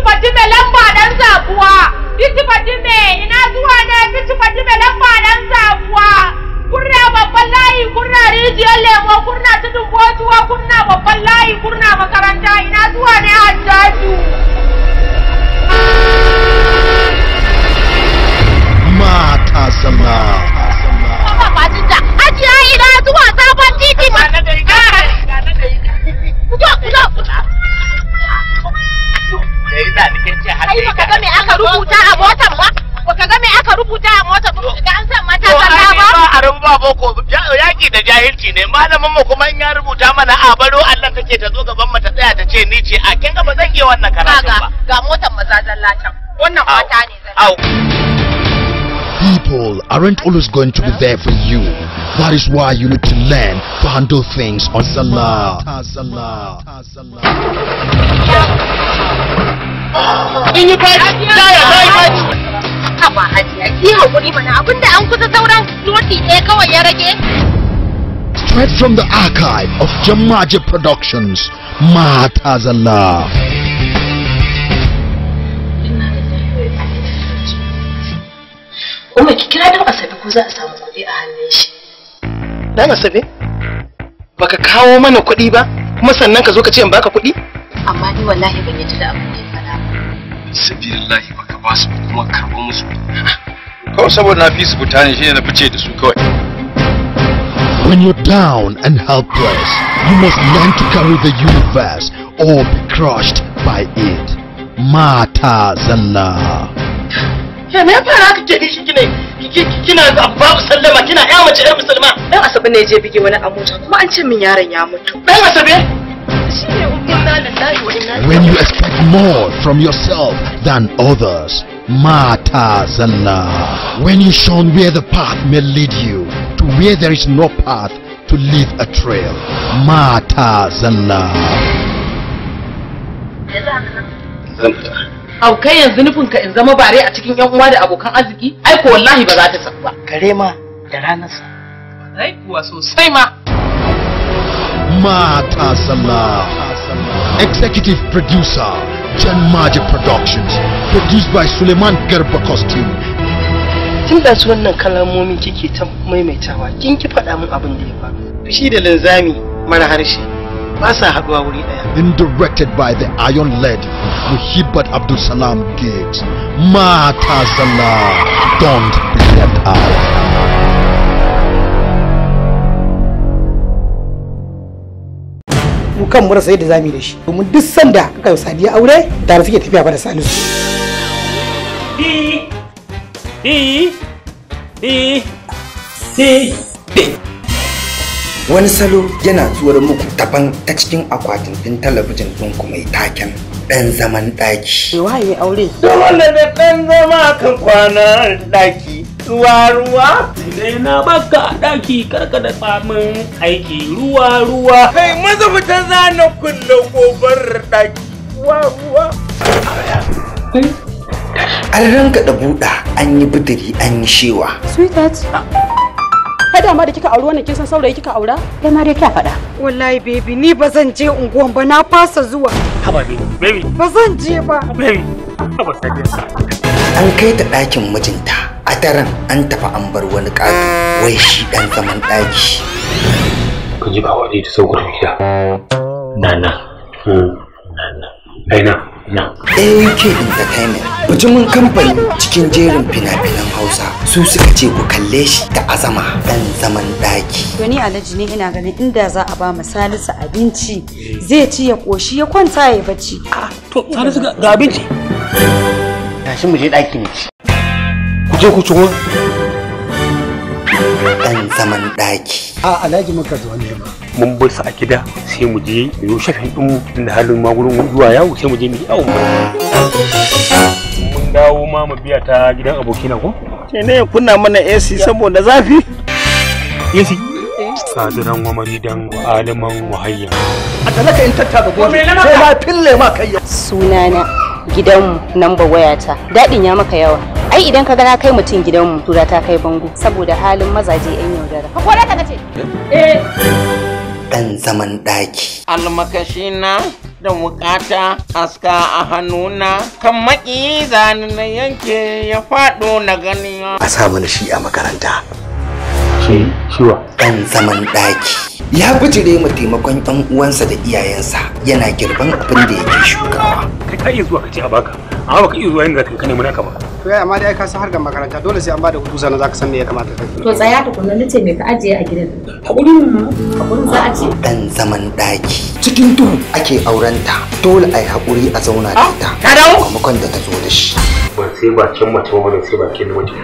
Bici Fatime lamba dan zabuwa. Bici Fatime ina zuwa ne Bici Fatime lamba dan sabuwa… Kurna babban layi kurna rijiyar lemo kurna tudun botuwa kurna babban layi kurna makaranta ina zuwa ne hajjaju. Mata sama. Kuma fasinja, ajiya ina zuwa sabon titi. Fito, fito, fito. da bikin ce har sai ka ga me aka rubuta a motar ba baka ga me aka rubuta a motar ba ga an san mata zalla ba ba a rubuta boko yaki da jahilci ne malamin mu kuma in ya rubuta mana a baro Allah take ta zo gaban mu ta tsaya ta ce ni ce a kin ga ba zan iya wannan karatun ba ga motar maza zalla can wannan mata ne zalla People aren't always going to be there for you. That is why you need to learn to handle things on Salah. In you Straight from the archive of Jamaje Productions, Matazallah. kuma ki kira dan Asabe ko za a samu kuɗi a hannun shi. Dan Asabe? Baka kawo mana kuɗi ba? Kuma sannan ka zo ka ce in baka kuɗi? Amma ni wallahi ban yadda da abin da ya faɗa Sabilillahi baka ba su kuma karbo musu. Kawai saboda na fi su fita ne shine na fice da su kawai. When you're down and helpless, you must learn to carry the universe or be crushed by it. Mata zanna. ke me yasa haka ke kishi kine kina babu sallama kina ya mace yar musulma dan asabe ne je bige wani abuja kuma an ce min yaron ya mutu dan asabe When you expect more from yourself than others, Mata Zalla. When you shone where the path may lead you to where there is no path to leave a trail, Mata Zalla. au kai yanzu nufin ka in zama bare a cikin yan uwa da abokan arziki ai ko wallahi ba za ta saku ba kare ma da ranar sa. ai kuwa sosai ma mata sallah executive producer Jan Maji Productions produced by Suleiman Garba Costume tun da su wannan kalamomin kike ta maimaitawa kin ki faɗa min abin da ya faru shi da linzami mara harshe in haduwa wuri daya. indirected directed by the Iron Lady Muhibbat abdulsalam Salam Gate. Mata Zala, don't be left out. mu kan mu rasa yadda zamu yi da shi domin duk sanda kaka sadiya aure da suke tafiya ba da salisu bi bi bi bi wani salo yana zuwar muku daban ta cikin akwatin din talabijin ku mai taken ɗan zaman ɗaki. Yawa yi aure. Dole da ɗan zama kan kwana daki Ruwa ruwa. Dai na baka daki karka da famin aiki ruwa ruwa. Kai maza fita zana kunna gobar daki Ruwa ruwa. An ranka da buɗa an yi bidiri an yi shewa. Sweetheart. kai da ma da kika auri wannan kin san saurayi kika aura kai ma dai kya faɗa wallahi baby ni ba zan je unguwan ba na fasa zuwa haba baby baby ba zan je ba baby haba sai an kai ta ɗakin mijinta a daren an tafi an bar wani ƙato wai shi ɗan zaman ɗaki ka ji ba wani ta saukar gida nana hmm. nana aina na eh, ak entertainment bijimin kamfani cikin jerin fina-finan hausa su suka ce ku kalle shi da azama dan zaman daki to ni alhaji ne ina ganin inda za a ba mu salisu abinci zai ci ya koshi ya kwanta ya bacci ah, to salisu ga abinci tashi mu je daki ne ku je ku ci dan zaman daki a ah, alhaji muka zo ne ba mun bar su a gida sai mu je mu yi shafin ɗinmu inda halin magunan zuwa yawo sai mu je mu yi yawon mun dawo ma mu biya ta gidan abokina ko sai ne kunna mana AC saboda zafi AC sadiran wamari dan aliman wahayya a talaka in tattaka gobe sai na fille ma kayya sunana gidanmu namba wayata daɗin ya maka yawa ai idan ka gana kai mutum gidanmu tura ta kai bango saboda halin mazaje yan yaudara ka kore ka ce eh, eh. ɗan zaman ɗaki. Almakashi na da mukata aska a hannuna kan maki zani na yanke ya faɗo na gani. A sa mana shi a makaranta. Shi shiwa. Ɗan zaman ɗaki. Ya bijire ma taimakon 'yan uwansa da iyayensa yana girban abin da yake shukawa. Kai ka iya zuwa ka ce a baka. amma baka iya zuwa inda ka nemi naka ba to ya amma dai ka san harkar makaranta dole sai an bada hutu sannan zaka san me ya kamata kai to tsaya tukunna nace me ka ajiye a gidan hakuri hakuri za a ce dan zaman daki cikin duhu ake aurenta dole ai hakuri a zauna da ah, ita ka dawo makon da ta zo da shi ba sai ba can mace ba sai ba kin mace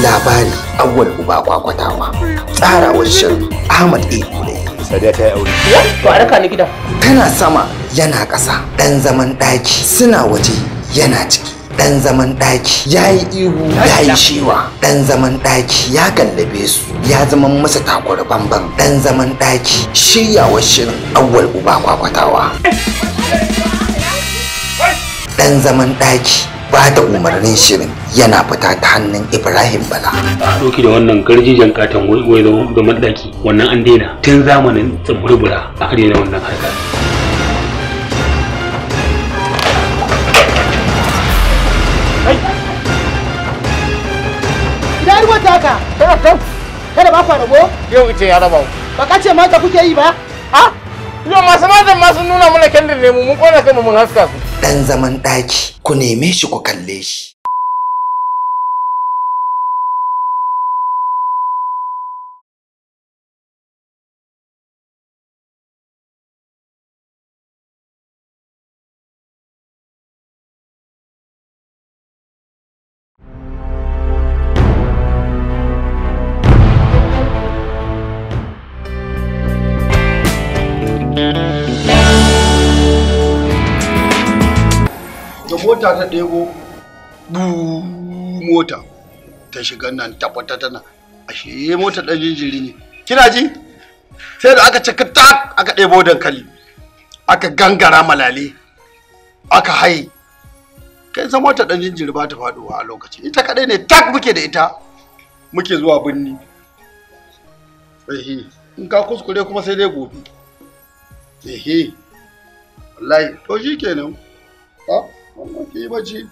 labari awwal uba kwakwatawa tsara shirin ahmad ibule sadiya ta yi aure to a raka ni gida tana sama yana ƙasa dan zaman daki suna waje yana ciki dan zaman daki ya yi ihu ya yi shewa dan zaman daki ya gallabe su ya zama masa takwar bambam. dan zaman daki shiryawa shirin awwal uba kwakwatawa dan zaman daki ba da umarnin shirin yana fita ta hannun ibrahim bala doki da wannan garjijan katon wai da madaki wannan an daina tun zamanin tsibirbira a arewa wannan harkar haka tana kan kada ba ku rago yau ita ya raba ba ka ce mata kuke yi ba ha yau masu matan ma sun nuna mana kendir ne mu mun kona kanmu mun haska su dan zaman daki ku neme shi ku kalle shi mota ta ɗebo mota ta shiga nan tabbata tana ashe mota ɗan jinjiri ne kina ji sai da aka cika tak aka ɗebo dankali aka gangara malale aka haye kai san mota ɗan jinjiri ba ta faɗuwa a lokaci ita kaɗai ne tak muke da ita muke zuwa birni ehe in ka kuskure kuma sai dai gobe ehe wallahi to shi kenan ha ah. ki bacci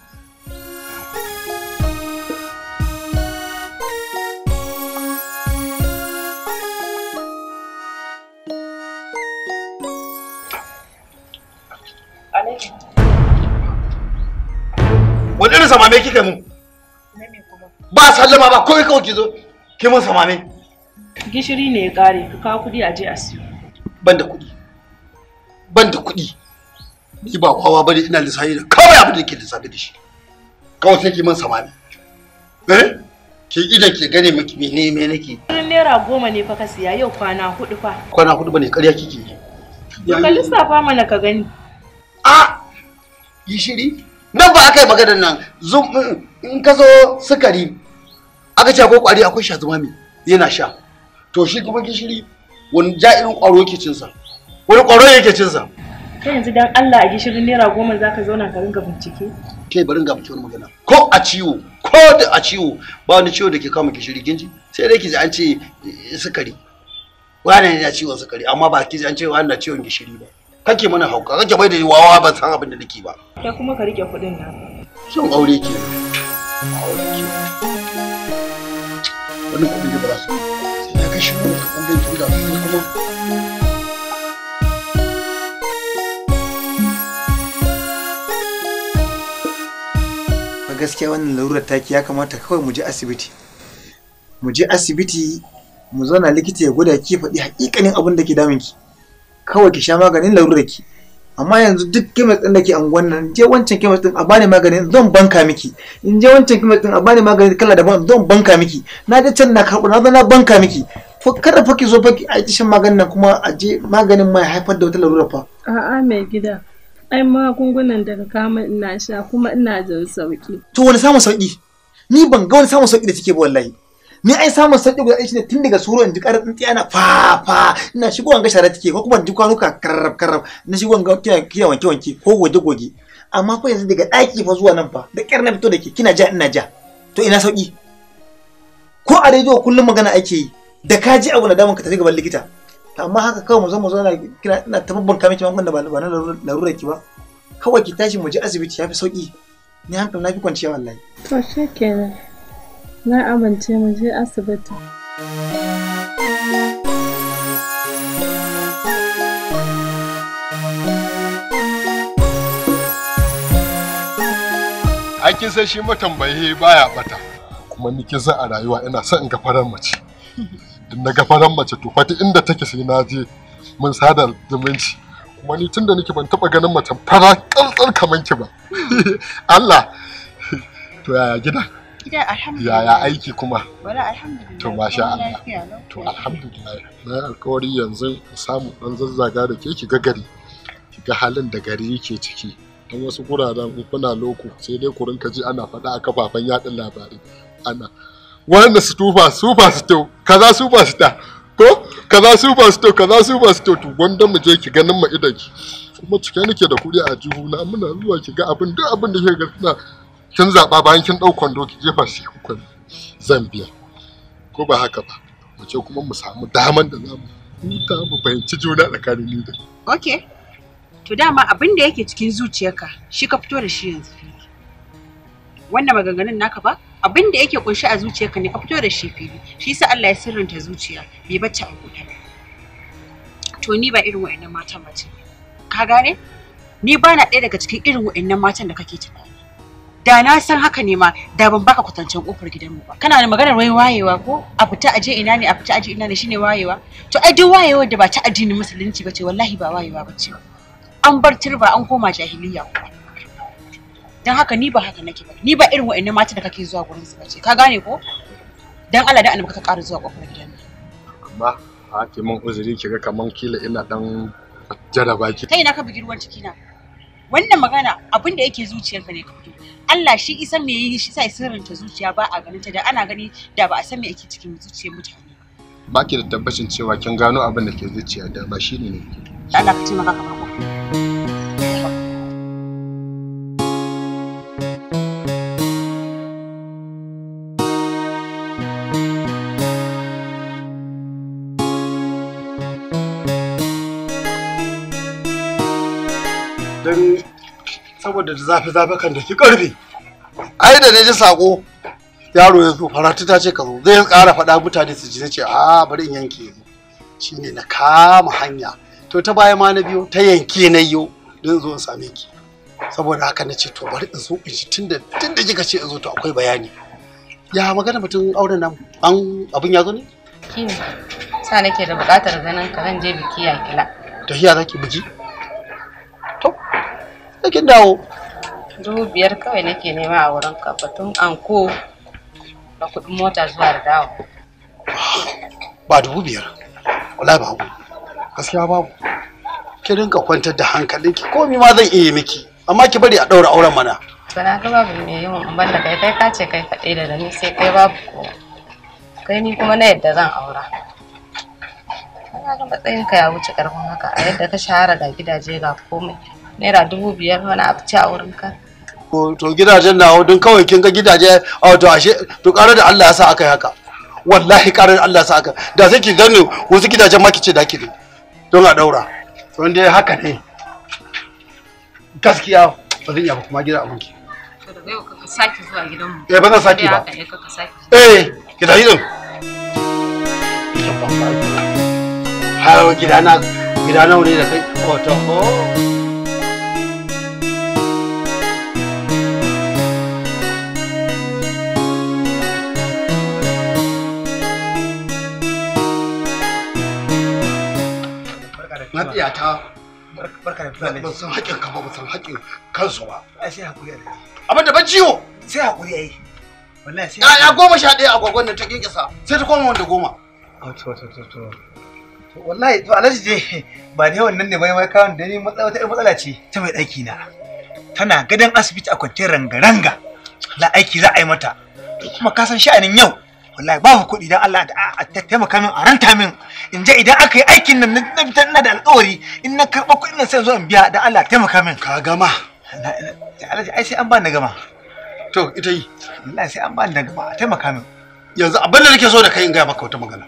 Wani irin samame kika mun? Ba sallama ba kawai kawai ki zo ki mun samame. Gishiri ne ya kare ka kawo kuɗi a je a siyo. Ban da kuɗi. Ban da kuɗi. ni ba kowa bane ina lissafi da kawai abin da ke lissafi da shi kawai sai ki man samani eh ki idan ki gane miki ne me nake kullun naira goma ne fa ka siya yau kwana hudu fa kwana hudu bane ƙarya kike yi to ka lissafa mana ka gani a yi shiri nan ba aka yi maganar nan mm, in ka zo sukari aka ce akwai kwari akwai me yana sha to shi kuma gishiri wani ja'irin kwaro yake cinsa wani kwaro yake cinsa ta yanzu dan Allah a gishirin naira goma za ka zauna ka ringa bincike ke bari ringa bincike wani magana ko a ciwo ko da a ciwo ba wani ciwo da ke kama gishiri ginji sai dai ki ji an ce eh, sukari wani ne ciwon sukari amma ba ki ji an ce wani na ciwon gishiri ba kake mana hauka kake bai da wawa ban san abin da nake ba kai kuma ka rike kuɗin nan shin aure ke aure ke wannan kuɗin da ba za su sai ka kashe mu ka kuɗin da kuma gaskiya wannan larurar taki ya kamata kawai mu je asibiti mu je asibiti mu zauna likita ya gwada ki faɗi haƙiƙanin abin da ke damun ki kawai ki sha maganin larurar ki amma yanzu duk kemis ɗin da ke anguwan nan je wancan kemis ɗin a bani maganin zan banka miki in je wancan kemis ɗin a bani maganin kala daban zan banka miki na je can na karɓo na na banka miki fa kada fa ki zo fa ki aiki shan maganin nan kuma a je maganin mai ya haifar da wata larurar fa a'a mai gida ai magungunan daga kama ina sha kuma ina jin sauki to wani samun sauki ni ban ga wani samun sauki da take ba wallahi ni ai samun sauki guda ɗaya shine tun daga suro in ji ƙarar tsinti ana fa fa ina shigo an ga shara take ko kuma in ji kwanuka karrab karrab na shigo an ga kiyan wanke wanke ko goge goge amma ko yanzu daga ɗaki fa zuwa nan fa da ƙyar na fito da ke kina ja ina ja to ina sauki ko a rediyo kullum magana ake yi da ka ji abu na damun ka tafi gaban likita amma haka kawai mu zama mu zauna kina ina ta babbanka da ba na larura ki ba kawai ki tashi mu je asibiti yafi sauki ni hankali na fi kwanciya wallahi to shikenan na amince mu je asibiti Hakin sai shi matambaye baya bata kuma ni san a rayuwa ina son in ga farar mace in na gafaran mace to fati inda take sai na je mun sada zumunci kuma ni tunda nake ban taba ganin mace fara kantsar kaman ki ba Allah to yaya gida gida alhamdulillah yaya aiki kuma wala alhamdulillah to masha Allah to alhamdulillah na alƙawari yanzu samu dan zazzaga da ke ki ga gari ki ga halin da gari yake ciki dan wasu guraren kuna loko sai dai ku rinka ji ana faɗa a kafafen yaɗin labarai ana wanda su tufa super sito kaza super sita ko kaza super sito kaza super sito to wanda mu je ki ganin mu idan ki kuma cike nake da kuɗi a jihu na muna zuwa ki ga abin duk abin da ke ga kina kin zaba bayan kin dau kwando ki jefa shi hukun Zambia ko ba haka ba mu ce kuma mu samu daman da zamu huta mu fahimci juna tsakanin ni da okay to dama abin da yake cikin zuciyarka shi ka fito da shi yanzu wannan maganganun naka ba abin da yake kunshi a zuciyarka ne ka fito da shi fili shi yasa Allah ya sirrinta zuciya bai bacci a guda to ni ba irin wa'annan matan ba ce ka gane ni ba na ɗaya daga cikin irin wa'annan matan da kake tunani da na san haka ne ma da ban baka kwatancen kofar gidanmu ba kana da maganar wai wayewa ko a fita aje ina ne a fita aje ina ne shine wayewa to ai duk wayewar da ba ta addinin musulunci ba ce wallahi ba wayewa ba ce an bar turba an koma jahiliya ko dan haka ni ba haka nake ba ni ba irin wa'annan mata da kake zuwa gurin su bace ka gane ko dan Allah da annabi ka ƙara zuwa kofar gidan nan amma a ke mun uzuri ga kaman kila ina dan jaraba ki kai na ka bugi ruwan ciki na wannan magana abin da yake zuciyarka ne ka fito Allah shi isan me yi shi sai ta zuciya ba a ganin ta da ana gani da ba a san me yake cikin zuciyar mutane ba ki da tabbacin cewa kin gano abin da ke zuciya da ba shi ne ne Allah ka taimaka ka ba saboda da zafi zafi kan da ki karfi ai da ji sako yaro ya zo faratu ta ce ka zo zai kara faɗa mutane su ji ce a bari in yanke yanzu shine na kama hanya to ta baya ma na biyo ta yanke na yo don zo in same ki saboda haka na ce to bari in zo in ji tunda tunda kika ce in zo to akwai bayani ya magana mutum auren nan an abin ya zo ne ki sa nake da buƙatar ganin ka zan je biki ya kila tafiya zaki biki sai dawo dubu biyar kawai nake nema a wurin ka batun anko da kuɗin mota zuwa da dawo ba dubu biyar wallahi babu gaskiya babu ki rinka kwantar da hankalinki komai ma zan iya miki amma ki bari a ɗaura auren mana sana ka babu mai yawan in banda kai kai ka ce kai kaɗai da ni sai kai babu ko kai ni kuma na yadda zan aura kana ga matsayin ka ya wuce karfin haka a yadda ka shahara ga gidaje ga komai naira dubu biyar wani abu a wurin ka to gidajen na don kawai kin ga gidaje a to ashe to ƙara da Allah ya sa aka yi haka wallahi ƙara da Allah ya sa aka da sai ki gani wasu gidajen ma kice da ki ne don a daura don dai haka ne gaskiya ba zan iya ba kuma gida abinki ka sake zuwa gidanmu eh ba zan sake ba eh ki tafi din har gidana gidana wuri da kai ko to matsiyata barka da fulani ba san da ka ba ba san kansu ba ai sai a abin da ban ciwo sai hakuri ai wallahi sai ya goma sha ɗaya agwagwan nan ta kinkisa sai ta koma wanda goma oh, to to to to wallahi to alhaji je ba da yawan nan ne mai kawon da ni matsala matsala ce ta mai ɗaki na tana gadon asibiti a kwanciyar ranga-ranga na aiki za a yi mata kuma ka san sha'anin yau wallahi ba ku kuɗi dan Allah a taimaka min a ranta min in je idan aka yi aikin nan na fitar ina da alƙawari in na karɓa kuɗin nan sai zo in biya dan Allah taimaka min ka gama Alhaji ai sai an ba ni gama to ita yi wallahi sai an ba ni gama a taimaka min yanzu abin da nake so da kai in gaya maka wata magana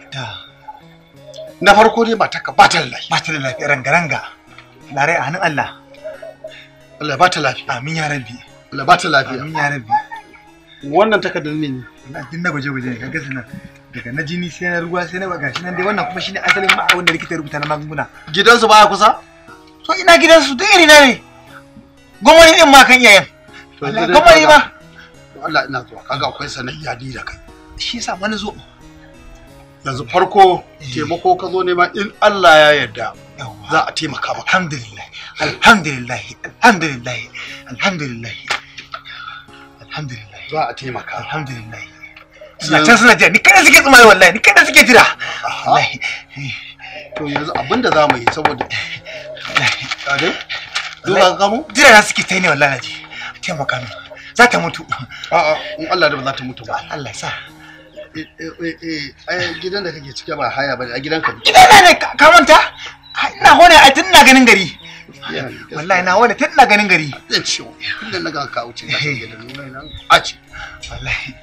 na farko dai ka ba ta da ba ta da ranga ranga lare a hannun Allah Allah ba ta lafiya amin ya rabbi Allah ba ta lafiya amin ya rabbi wannan takardar ne na din na gwaje-gwaje ne kaga daga na jini sai na ruwa sai na gashi nan dai wannan kuma shine asalin ma'awun da likita ya rubuta na magunguna gidansu baya kusa to ina gidansu duk irina ne gwamnati din ma kan iyayen gwamnati ma Allah ina zuwa kaga akwai sanayya ni da kai shi yasa wani zo yanzu farko eh. taimako ka zo nema in Allah ya yarda za a taimaka maka alhamdulillah alhamdulillah alhamdulillah alhamdulillah alhamdulillah za a taimaka alhamdulillah suna can suna jira ni suke ni suke jira to yanzu za mu yi saboda jira na suke ne za ta mutu a'a Allah da ba za ta mutu ba Allah eh, eh, eh, gidan da kake cike ba haya bane a gidan ne ka manta ina hone a tun na ganin gari wallahi na wani tun na ganin gari zan ciwo tun na ga ka wuce ka nan a ce wallahi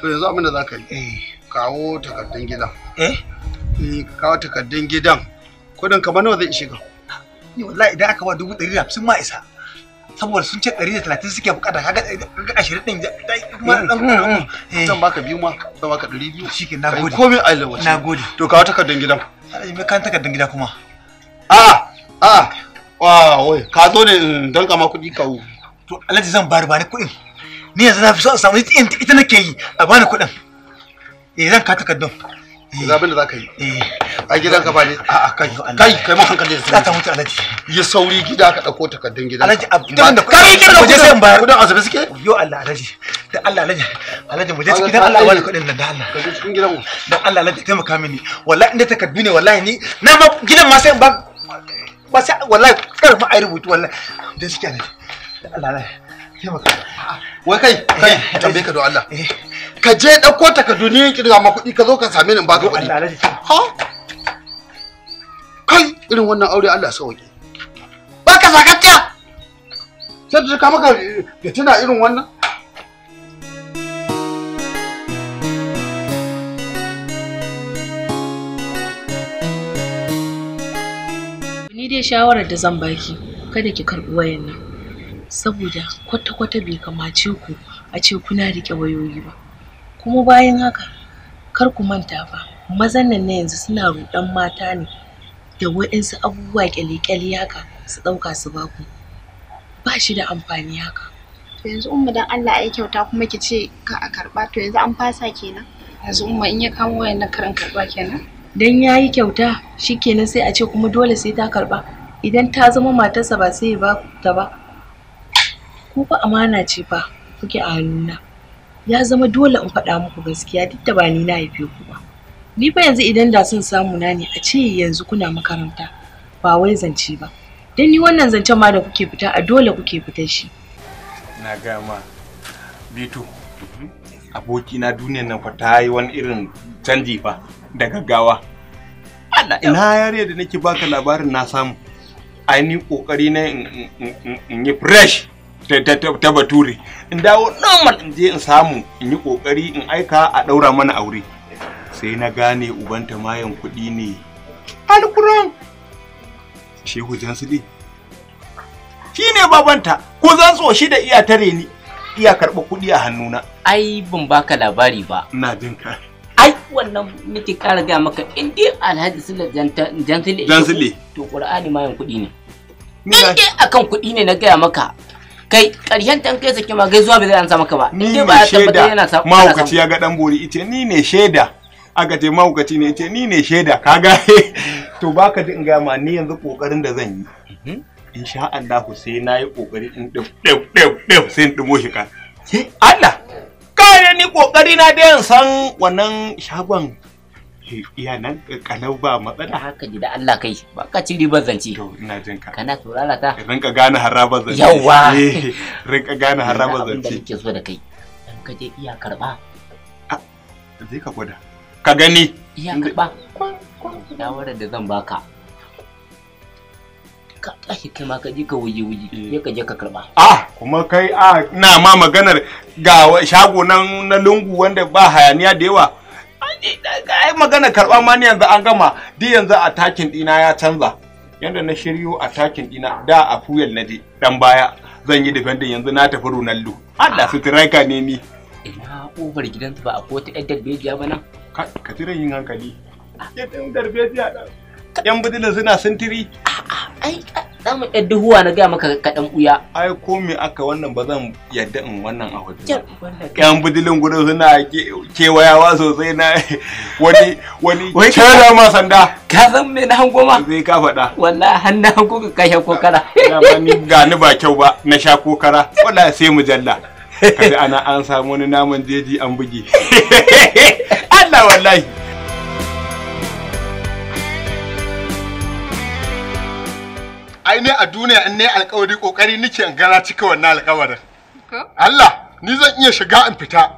to yanzu abin da za ka yi kawo takardun gidan eh, eh kawo takardun gidan kudin kamar nawa zai ishe ka ni wallahi idan aka ba dubu ɗari da hamsin ma isa saboda sun ce ɗari da talatin suke bukata kaga ashirin ɗin kuma ɗan zan baka biyu ma zan baka ɗari biyu shi ke na gode komai a lawace na gode to kawo takardun gidan me kan takardun gida kuma a a wai ka zo ne don ma kuɗi kawo to alaji zan bari bani kuɗin ni yanzu na fi so a samu ita nake yi a bani kuɗin eh zan ka takardun eh. yanzu abin da za ka yi eh. a gidan ka bani a kai kai kai mu hankali da za ta mutu alaji ya sauri gida ka dauko takardun gidan alaji abin da kai gidan waje sai in bayar kudin azabi suke yo Allah alaji da Allah alaji alaji mu je cikin dan Allah wani kudin nan da Allah ka je cikin gidan mu dan Allah alaji taimaka mini wallahi inda takaddu ne wallahi ni na ma gidan ma sai ba ba sai wallahi karfa ai rubutu wallahi dan suke alaji da Allah alaji wai kai kai eh, tambaye ka don Allah eh. ka je ɗauko takardu ni yin kirga ma kuɗi ka zo ka same ni ba ka kuɗi ha kai irin wannan aure Allah sauke ba ka sakacca sai ta kama ka da eh, tuna irin wannan ni dai shawarar da zan baki kada ki karɓi wayannan. saboda kwata-kwata bai kamace ku a ce kuna riƙe wayoyi ba kuma bayan haka kar ku manta fa mazan nan na yanzu suna ruɗan mata ne da waɗansu abubuwa ƙyale-ƙyale haka su ɗauka su ba ku ba shi da amfani haka to yanzu umma dan Allah ya kyauta kuma ki ce ka a karɓa to yanzu an fasa kenan yanzu umma in ya kawo wayannan karin karɓa kenan dan yayi kyauta shikenan sai a ce kuma dole sai ta karɓa idan ta zama matarsa ba sai ya ba ta ba ko ba amana ce ba kuke a hannuna ya zama dole in faɗa muku gaskiya duk da ba ni na haife ku ba ni fa yanzu idan da sun samu na ne a ce yanzu kuna makaranta ba wai zance ba dan ni wannan zance ma da kuke fita a dole kuke fita shi na ga ma bitu aboki na duniyar nan fa ta yi wani irin canji fa da gaggawa Allah ina yare da nake baka labarin na samu ni kokari na in yi fresh ta bature in dawo normal in je in samu in yi kokari in aika a daura mana aure sai na gane ta mayan kuɗi ne alkuran shehu jansudi shi ne babanta ko zan so shi da iya tare ni iya karɓa kuɗi a hannuna ai ban baka labari ba ina jin ka ai wannan nake ƙara gaya maka in dai alhaji sallar jansule jansule to qur'ani mayan kuɗi ne in dai akan kuɗi ne na gaya maka kai karshen tan kai saki ma zuwa ba zai sa maka ba ni ne shaida mahaukaci ya ga dan bori ite ni ne shaida aka ce mahaukaci ne ite ni ne shaida kaga to baka din ga ma ni yanzu kokarin da zan yi mhm. insha Allah sai na yi kokari in dau dau dau dau sai in dumo shi ka Allah kare ni kokari na da yan san wannan shagon iya nan kanau ba matsala haka ji da Allah kai ba ka ci ribar zance to ina jin ka kana turara ta rinka gane haraba zance yawa eh, rinka gane haraba zance abin da so da kai dan ka je iya karba zai ka gwada ka gani iya karba shawarar da zan baka ka tashi kai ma ka ji ka wuji wuji ya eh. ka je ka karba ah kuma kai a na ma maganar ga shago nan na lungu wanda ba hayaniya da yawa Eh, ai magana karba ma ni yanzu an gama duk yanzu a takin ɗina ya canza yanda na shiryo a takin ɗina da a fuyel na je dan baya zan yi defending yanzu na tafi Ronaldo Allah su striker ne ni ina over gidansu ba a ko ta yaddar bebiya ba nan ka tira yin hankali yaddar bebiya yan budulin suna sintiri ai za mu ɗan duhuwa na gaya maka kaɗan ɓuya. Ai ko me aka wannan ba zan yadda in wannan a hoto. Yan budilin gudun suna kewayawa sosai na wani wani kyara ma sanda. Ka san me na hango ma? Zai ka faɗa. Wallahi har na hango ka kashe kokara. Ga ni ba kyau ba na sha kokara. Wallahi sai mujalla. Kaji ana an samu wani naman jeji an buge. Allah wallahi. ai ne a duniya in ne alkawari kokari nake in gana cika wannan alkawarin Allah ni zan iya shiga in fita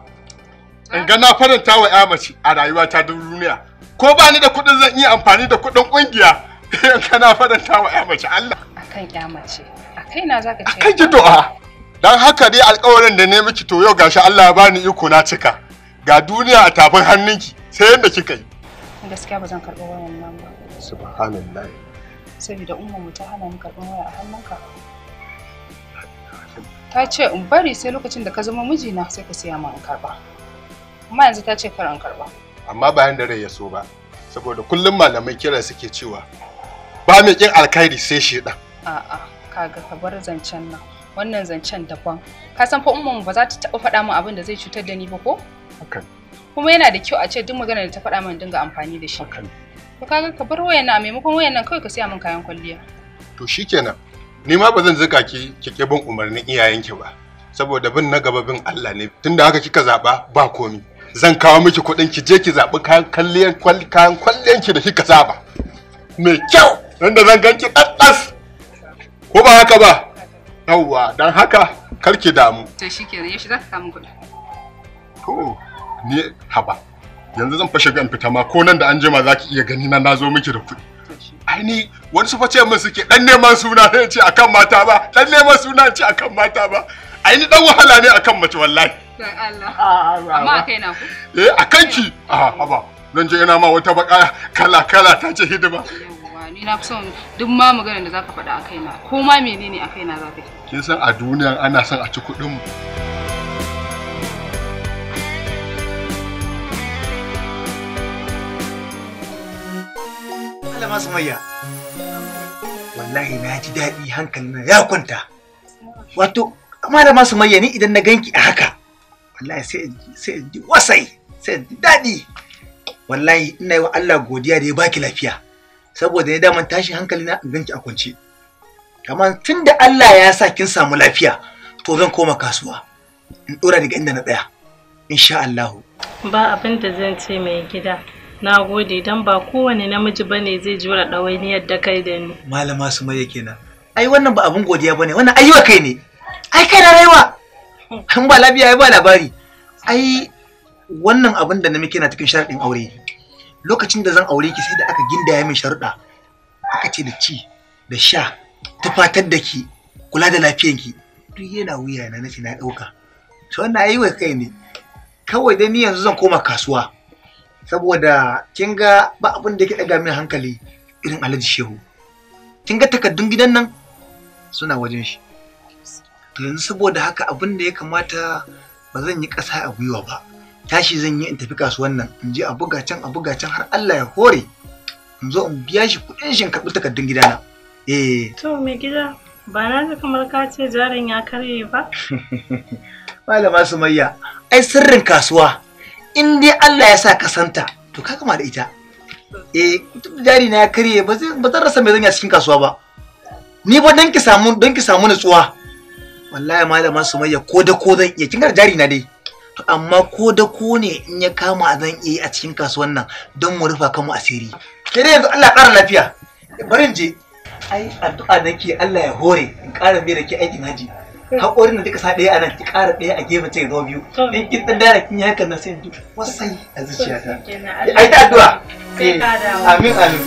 in ga na faranta wa ya mace a rayuwa ta duniya ko ba ni da kuɗin zan iya amfani da kuɗin ƙungiya in ka na faranta wa ya mace Allah akan ya mace akai na zaka ce akai ki do'a dan haka dai alƙawarin da ne miki to yau gashi Allah ya bani iko na cika ga duniya a tafin hannunki sai yanda kika yi gaskiya ba zan karɓi wannan ba subhanallah saboda mu ta hana ni karɓar waya a hannunka ta ce in bari sai lokacin da ka zama mijina sai ka siya min in karɓa amma yanzu ta ce kar in karɓa amma bayan da rai ya so ba saboda kullum malamai kira suke cewa ba mai kin alkhairi sai shi ɗan a'a kaga ka bar zancen nan wannan zancen daban ka san fa umman ba za ta taɓa faɗa min abin da zai cutar da ni ba ko kuma yana da kyau a ce duk maganar da ta faɗa min dinga amfani da shi ko kaga ka bar wayan nan maimakon wayan nan kawai ka siya min kayan kwalliya to shikenan ni ma ba zan zuka ki kike bin umarnin iyayenki ba saboda bin na gaba bin Allah ne tunda haka kika zaba ba komi zan kawo miki kuɗin ki je ki zaɓi kayan kwalliyan kayan kwalliyan ki da kika saba mai kyau wanda zan ganki ɗaɗɗas ko ba haka ba yawwa dan haka kar ki damu to shikenan yaushe to ni haba yanzu zan fashe gan fita ma ko nan da an jima za ki iya gani na na zo miki da kuɗi ai ni wani su fashe min suke dan neman suna ne ce akan mata ba dan neman suna ce akan mata ba ai ni dan wahala ne akan mace wallahi ah, ah, ah, amma a kai na ku eh kan ki a haba zan je ina ma wata baka kala kala ta ce hidima ni na son duk ma maganar da zaka faɗa a kaina ko ma menene a kaina zaka yi kin san a duniya ana son a ci kuɗin mu su Sumayya. Wallahi na ji daɗi na ya kwanta. Wato, Malama Sumayya ni idan na ganki a haka. Wallahi sai sai ji wasai, sai ji daɗi. Wallahi ina yi wa Allah godiya da ya baki lafiya. Saboda ya daman tashi hankali na in ganki a kwance. kamar tun da Allah ya sa kin samu lafiya, to zan koma kasuwa. In ɗora daga inda na tsaya. Insha Allah. Ba abin da zan ce mai gida. na gode don ba kowane namiji ba ne zai jura ɗawainiyar da kai da ni malama su mai na? ai wannan ba abin godiya ba ne wannan ayyuka kai ne ai kai na rayuwa An ba lafiya ba labari ai wannan abin da na na cikin sharaɗin aure lokacin da zan aure ki sai da aka gindaya min sharuɗa aka ce da ci da sha tufatar da ki kula da lafiyanki duk yana wuya na nace na ɗauka to wannan ayi kai ne kawai dai ni yanzu zan koma kasuwa saboda kin ga ba abin da yake daga min hankali irin Alhaji Shehu kin ga takaddun gidan nan suna wajen shi to yanzu saboda haka abin da ya kamata ba zan yi ƙasa a gwiwa ba tashi zan yi in tafi kasuwan nan in je a buga can a buga can har Allah ya hore in zo in biya shi kuɗin shi in karɓi gidan gidana eh to me gida ba na ji kamar ka ce jarin ya karye ba malama sumayya ai sirrin kasuwa in dai Allah ya sa ka santa to ka kama da ita eh jari na ya karye ba zan rasa mai zanya cikin kasuwa ba ni ba don ki samu dan ki samu nutsuwa wallahi malama sumayya ko da ko zan iya kin ga jari na dai to amma ko da ko ne in ya kama zan iya a cikin kasuwan nan don mu rufa kanmu asiri ke dai yanzu Allah ƙara lafiya bari in je ai addu'a nake Allah ya hore in ƙara mai da ke aikin haji hakorin da duka sa daya a nan ki kara daya a gefe ce zo biyu in kin dan dara kin yi hakan na sai ji wasai a zuciyata ai ta addu'a eh, amin amin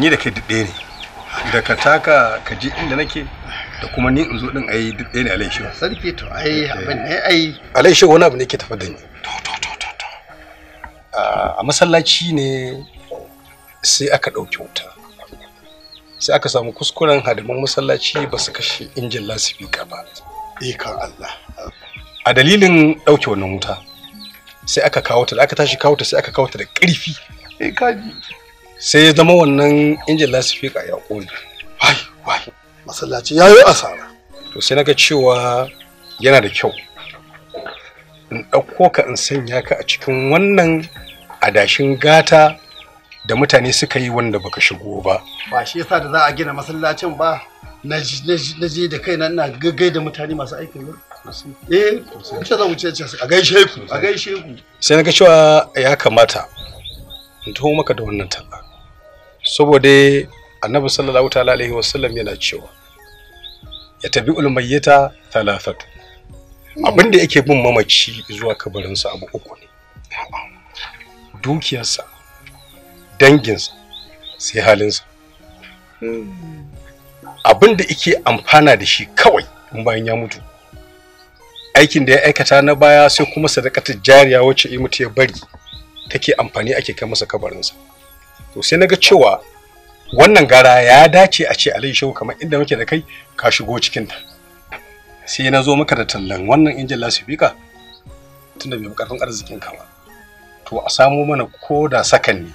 ni da ke duk ne da ka taka ka ji inda nake da kuma ni in zo din ai duk ɗaya ne alai shehu sarki to ai eh, eh. abin ne ai alai wani abu ne ke tafi da ni to to to to to a masallaci ne sai aka ɗauki wuta sai aka samu kuskuren hadiman masallaci ba su kashe injin lasifika ba ikan Allah a dalilin ɗauke wannan wuta sai aka kawo ta aka tashi kawo ta sai aka kawo ta da ƙarfi eh, sai ya zama wannan injin lasifika ya ƙone wai wai masallaci ya yi asara to sai naga cewa yana da kyau in ɗauko ka in sanya ka a cikin wannan adashin gata da mutane suka yi wanda baka shigo ba ba shi yasa da za a gina masallacin ba na je da kaina ina gaggai da mutane masu aikin ne. eh ce zan wuce ce a gaishe ku a gaishe ku sai naga cewa ya kamata in taho maka da wannan talla saboda annabi sallallahu ta'ala alaihi wasallam yana cewa ya tabi ulmayyata talafatu hmm. abinda da yake bin mamaci zuwa kabarinsa abu uku ne dukiyarsa danginsa sai halinsa hmm. abin da yake amfana da shi kawai in bayan ya mutu aikin da ya aikata na baya sai kuma sadakatar jariya wacce yi mutu ya bari take amfani ake kai masa kabarinsa to sai na ga cewa wannan gara ya dace a ce alayhi shehu kamar inda muke da kai ka shigo cikin ta sai na zo maka da tallan wannan injin lasifika tunda bai bukatun arzikin ka ba to a samo mana ko da sakan ne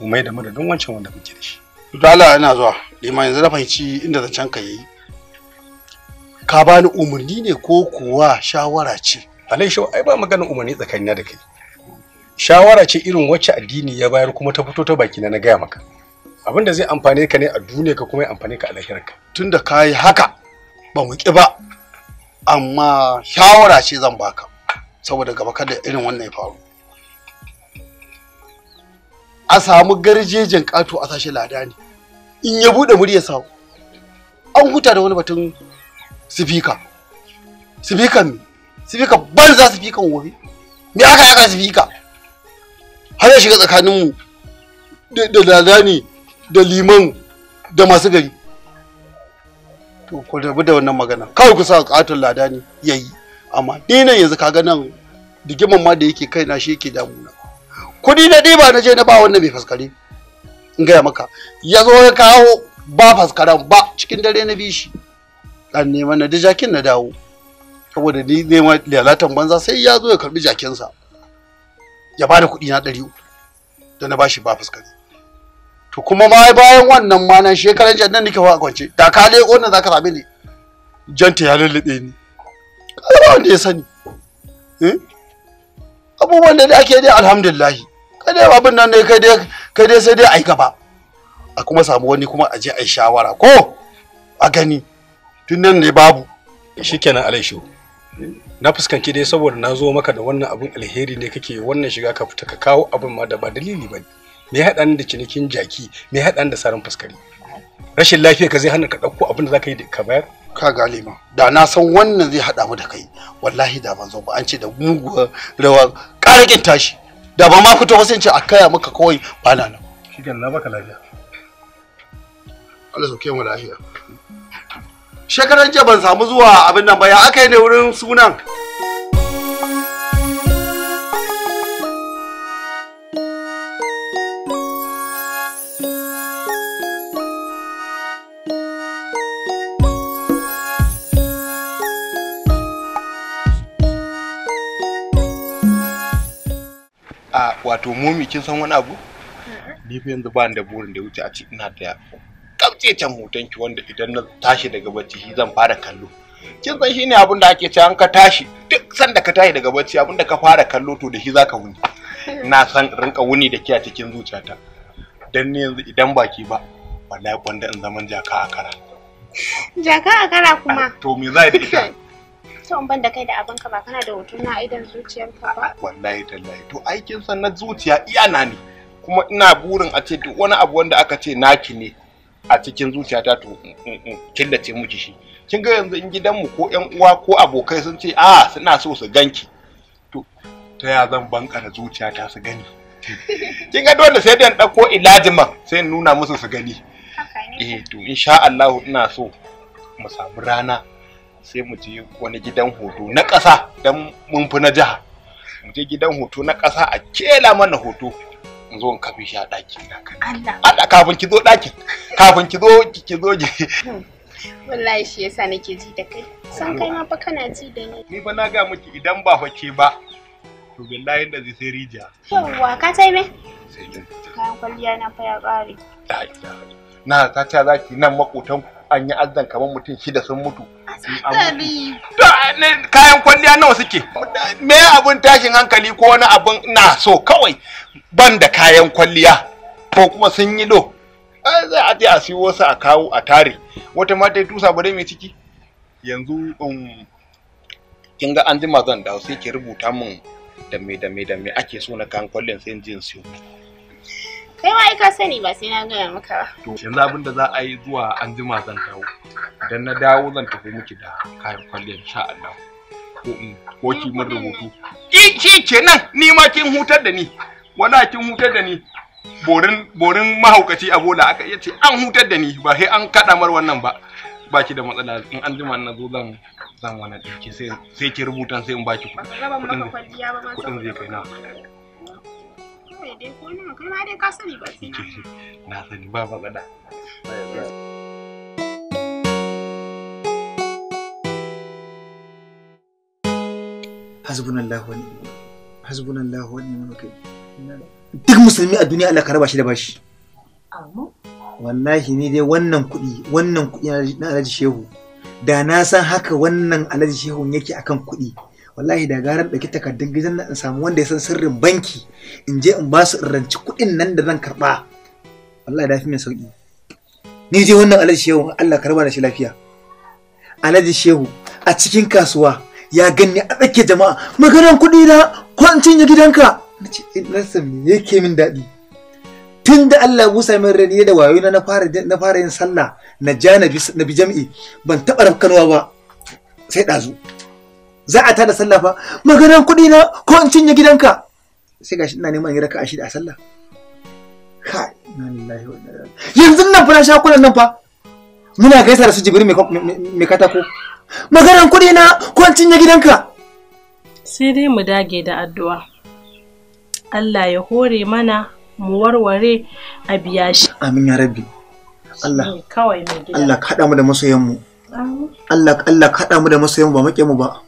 mu mai da madadin wancan wanda muke da shi to Allah ina zuwa lima yanzu na fahimci inda zancan ka yi. ka bani umarni ne ko kuwa shawara ce alayhi shehu ai ba maganar umarni tsakanina da kai shawara ce irin wacce addini ya bayar kuma ta fito ta baki na na gaya maka abin da zai amfane ka ne a duniya ka kuma ya amfane ka a lahirarka tunda ka yi haka ba mu ba amma shawara ce zan baka saboda gaba kada irin wannan ya faru a samu garjejen ƙato a sashe lada ne in ya buɗe murya sau? an huta da wani batun sifika sifikan ne? sifika ban za sifikan wofi me aka yaka sifika har ya shiga tsakaninmu da lada ne da liman da masu gari to ku da da wannan magana kawai ku sa katon lada ne yayi amma ni nan yanzu kaga nan digiman ma da yake kai na shi yake damuna kuɗi na ɗiba na je na ba wannan bai faskare in gaya maka ya zo ya kawo ba faskaren ba cikin dare na bi shi dan neman na da jakin na dawo saboda ni nema lalatan banza sai ya zo ya karbi jakinsa ya bada kuɗi na ɗari uku da na bashi ba faskare to kuma bayan wannan ma nan shekaran jannan nake fa kwance da ka leko nan zaka same ni janta ya lullube ni kada wanda ya sani eh abubuwan da ake dai alhamdulillah kada abin nan ne kai dai kai dai sai dai ai gaba a kuma samu wani kuma a je ai shawara ko a gani tun nan ne babu shikenan alaishu na fuskanci dai saboda na zo maka da wannan abin alheri ne kake wannan shiga ka fita ka kawo abin ma da ba dalili ba ne me ya da cinikin jaki me ya da sarin fuskari rashin lafiya ka zai hana ka ɗauko abin da za ka yi ka bayar ka ma. da na san wannan zai haɗa mu da kai wallahi da ban zo ba an ce da muguwar rawa ƙarakin tashi da ba ma fito ba sai ce a kaya maka kawai ba na nan shi na baka lafiya Allah sauke mu lafiya shekaran jiya ban samu zuwa abin nan ba ya aka yi ne wurin sunan wato momi kin san wani abu ni fa yanzu bani da burin da wuce a ci ina da kauce can hoton ki wanda idan na tashi daga bacci shi zan fara kallo kin san shine abin da ake cewa an ka tashi duk sanda ka tashi daga bacci abin da ka fara kallo to da shi zaka wuni Ina san rinka wuni da ke a cikin zuciyata dan ne yanzu idan baki ba wallahi kwanda in zaman jaka a kara jaka a kara kuma to me za da ita to in ban da kai da abin ka ba kana da hoton na idan zuciyarka ba wallahi tallahi to aikin san na zuciya iya na ne kuma ina burin a ce duk wani abu wanda aka ce naki ne a cikin zuciyata to killace miki shi kin ga yanzu in gidanmu ko yan uwa ko abokai sun ce a ah, suna so su ganki to ta ya zan bankara zuciyata su gani kin ga dole sai dan dauko ilajima sai in nuna musu su gani eh to insha Allah ina so mu samu rana sai mu je wani gidan hoto na ƙasa don mun fi na jiha mu je gidan hoto na ƙasa a kela mana hoto in zo in kafi shi a ɗakin na Allah kafin ki zo ɗakin kafin ki zo ki zo hmm. wallahi shi yasa nake ji da kai san kai ma fa kana ji da ni ni fa na ga miki idan ba fa ke ba to billahi da zai sai rija yawwa ka tai me sai kayan kwalliya na fa ya ƙare na ta ta zaki nan makotanku an yi azan kamar mutum shida sun mutu kayan kwalliya nawa suke me abun tashin hankali ko wani abun na so kawai ban da kayan kwalliya ko kuma sun yi do za a je a siyo wasu a kawo a tare wata mata tusa bare mai ciki yanzu um, kin ga an ji zan dawo sai ke rubuta mun da me da me da me ake so na kayan kwallon sai in siyo Kai ma ai ka sani ba sai na gaya maka ba. To yanzu abin da za a yi zuwa an jima zan dawo. Idan na dawo zan tafi miki da kayan kwalliya sha Allah. Ko in ko ki min rubutu. Ki ki kenan ni ma kin hutar da ni. Wala kin hutar da ni. Borin borin mahaukaci a bola aka iya ce an hutar da ni ba sai an kada mar wannan ba. Ba ki da matsala in an jima na zo zan zan wani ɗauki sai ki rubutan sai in baki kuɗin zai kai na. sai dai ko nan kai ma dai ka sani ba na sani ba hasbunallahu wa ni'mal hasbunallahu wa ni'mal wakil duk musulmi a duniya Allah ka raba shi da bashi wallahi ni dai wannan kuɗi wannan kuɗi na alhaji shehu da na san haka wannan alhaji shehun yake akan kuɗi wallahi da garar ɗauki takardun gidan nan in samu wanda ya san sirrin banki in je in ba su in ranci kuɗin nan da zan karɓa wallahi da fi min sauƙi ni je wannan alhaji shehu Allah karba da shi lafiya alhaji shehu a cikin kasuwa ya ganni a tsakiyar jama'a maganar kuɗi na kwancin ya gidanka na san me yake min daɗi tun da Allah busa min rani da wayo na fara na fara yin sallah na ja na bi jam'i ban taɓa rafkanwa ba sai ɗazu. za a tada sallah fa maganan kuɗi na ko in cinye gidanka sai gashi ina neman raka a shida a sallah kai yanzu nan fa na sha kuɗin nan fa muna gaisa da su jibiri mai katako maganan kuɗi na ko in cinye gidanka sai dai mu dage da addu'a Allah ya hore mana mu warware a biya shi amin ya rabbi Allah kawai Allah ka hada mu da masoyan mu Allah Allah ka haɗa mu da masoyan mu ba maƙe mu ba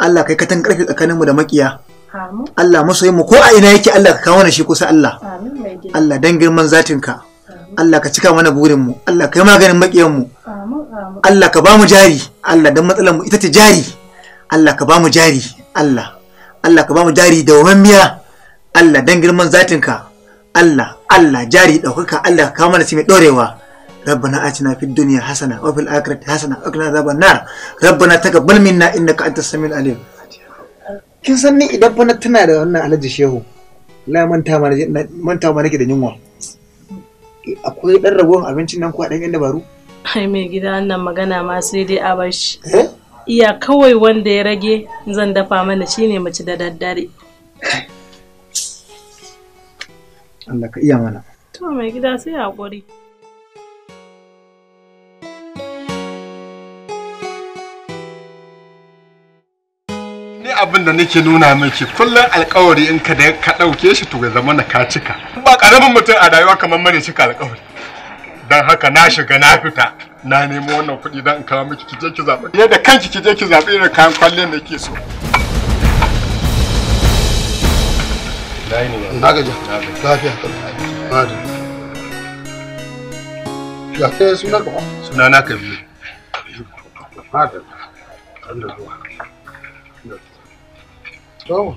Allah kai katan tsakanin mu da makiya Allah masoyin mu ko a ina yake Allah ka kawo shi kusa Allah Allah dan girman zatin ka. Allah ka cika mana burin mu Allah kai maganin makiyan mu Allah ka ba mu jari Allah dan matsalar mu ita ce jari Allah ka ba mu jari Allah Allah ka ba mu jari da miya. Allah dan girman zatin ka. Allah Allah jari ɗaukaka Allah ka kawo mana shi mai ɗorewa ربنا آتنا في الدنيا حسنة وفي الآخرة حسنة وقنا عذاب النار ربنا تقبل منا إنك أنت السميع العليم kin san ni idan fa na tuna da wannan alhaji shehu la manta ma manta ma nake da yunwa akwai dan ragowar abincin nan ko dan yan dabaru ai mai gida wannan magana ma sai dai a bar shi eh? iya kawai wanda ya rage zan dafa mana shine mace da daddare Allah ka iya mana to mai gida sai hakuri abin da nake nuna miki kullum alkawari in ka da ka dauke shi to ga zaman ka cika ba karamin mutum a rayuwa kamar mare cika alkawari dan haka na shiga na fita na nemo wannan kuɗi dan in kawo miki kije ki zaɓi ne da kanki kije ki zaɓi irin kayan kwalle da ke so na gaji lafiya ya kai suna ka ba suna na kabiru madalla to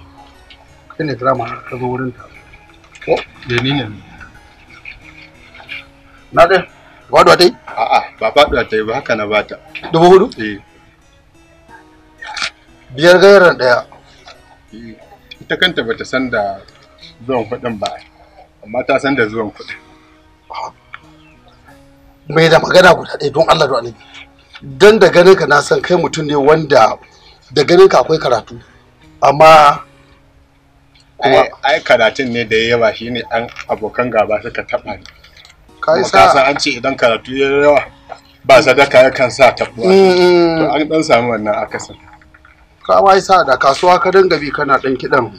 kai ne drama ka zo wurin ta ko da eh, ni ne na dai faduwa ta yi a'a ba faduwa ta yi ba haka na bata dubu hudu eh biyar gairar daya eh, ita kanta bata san da zuwan kuɗin ba amma ta san da zuwan kuɗin mai da magana guda ɗaya don Allah da annabi don da ganin ka na san kai mutum ne wanda da ganin ka akwai karatu amma kuma ai karatun ne da yawa shine ɗan abokan gaba suka taba ni kai sa an ce idan karatu ya yawa ba sadaka ya kan sa tabuwa mm, mm. to an dan samu wannan akasin ka wai sa da kasuwa ka dinga bi kana dan kidan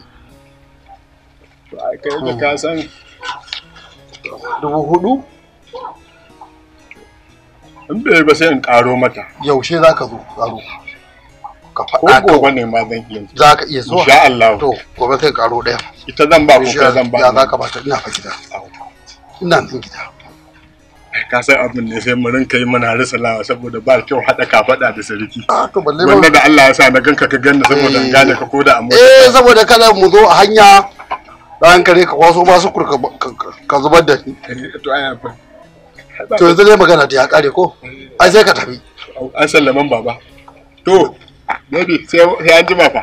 to ai kai da ka san dubu hudu in bai ba sai in karo mata yaushe zaka zo karo ka faɗa ko gobe ne ma zan iya za ka iya zuwa insha Allah to gobe kai karo ɗaya ita zan ba ko kai zan ba ya za ka bata ina fa gida ina nan gida ka san abin ne sai mu rinka yi mana risalawa saboda ba kyau haɗa ka faɗa da sarki wanda da Allah ya sa na ganka ka ganni saboda in gane ka koda a mota eh saboda kada mu zo a hanya ɗan kare ka kwaso ba su kurka ka zubar da ni eh, to aya fa to yanzu dai magana da ya kare ko ai sai ka tafi an sallaman baba to Baby, sai an jima fa.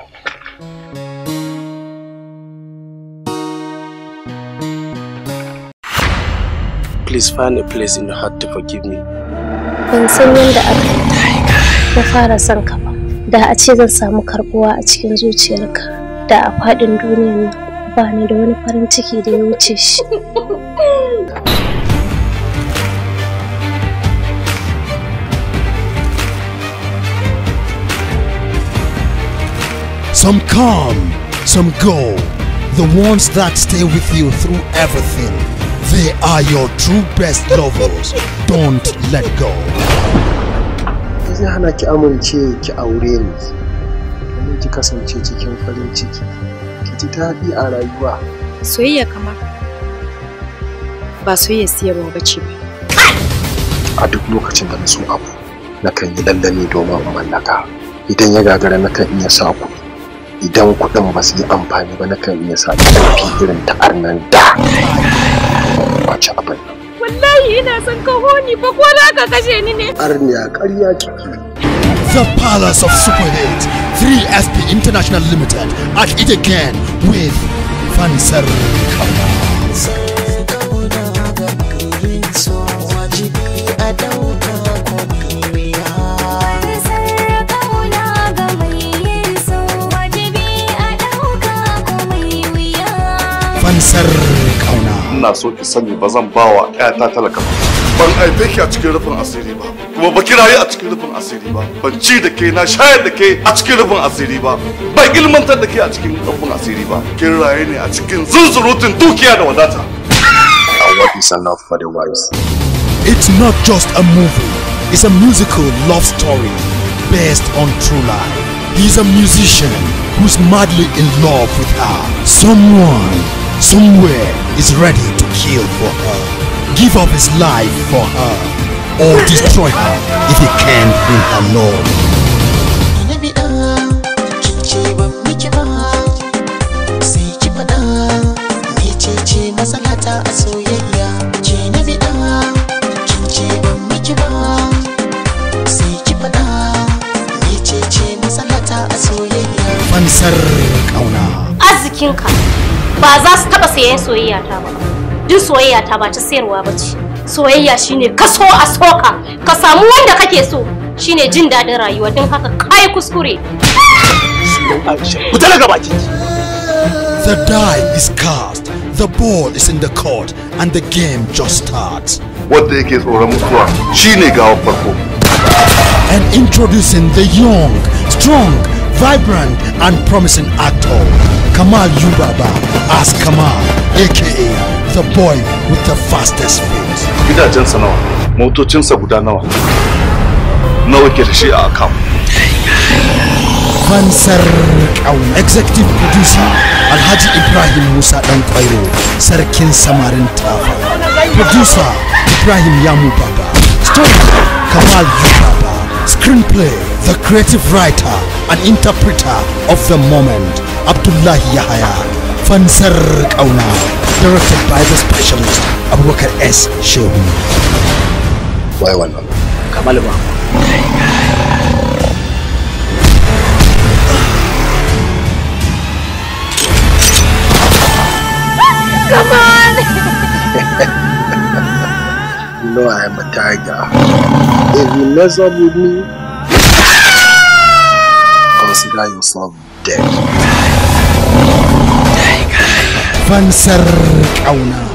Please find a place in your heart to forgive me. Ban san yadda aka na fara son ka ba. Da a ce zan samu karbuwa a cikin zuciyarka. Da a faɗin duniyar ba ni da wani farin ciki da ya wuce shi. Some come, some go. The ones that stay with you through everything, they are your true best lovers. Don't let go. zai hana ki amince ki aure ni kasance cikin farin ciki ki ji soyayya kamar ba soyayya siyarwa ba ce ba a duk lokacin da na so abu na kan yi lallami domin mallaka idan ya gagara na kan iya sa kuɗi idan kuɗin ba su yi amfani ba na kan iya sa ƙarfi irin ta arnan da wace abin wallahi ina son ka ni ba ko za ka kashe ni ne arniya ƙarya kike The Palace of Superheads, 3SP International Limited at it again with Fansar Kamal fansar kauna ina so ki sani ba zan ba wa ƴata talaka ban haife ki a cikin rufin asiri ba kuma ba ki rayu a cikin rufin asiri ba ban ci da ke na shayar da ke a cikin rufin asiri ba ban ilmantar da ke a cikin rufin asiri ba kin raye ne a cikin zunzurutun dukiya da wadata What is enough for the wise? It's not just a movie, it's a musical love story based on true life. He's a musician who's madly in love with her. Someone somewhere is ready to kill for her, give up his life for her, or destroy her if he can't bring her love. azikinka. a ba za su taba sayen soyayya ta ba duk soyayya ta ba ta sayarwa ba ce soyayya shine ka so a soka ka samu wanda kake so shine jin daɗin rayuwa don haka kai kuskure ku talaga baki The die is cast, the ball is in the court, and the game just starts. What yake tsoron mutuwa shine gawar farko. And introducing the young, strong, vibrant and promising actor, Kamal Yubaba as Kamal, aka the boy with the fastest feet. Gidajensa nawa, motocinsa guda nawa, nawa ke da shi a account. Fansar Kauna, executive producer Alhaji Ibrahim Musa Dan Kwairo, Sarkin Samarin Tafa. Producer Ibrahim Yamu Story Kamal Yubaba. Screenplay the creative writer and interpreter of the moment, Abdullah Yahya Fansar Kauna, directed by the specialist Abubakar S. Shehu. Why one? Kamal Come on! you know I am a tiger. If you mess up with me, la yusuf fansar ƙauna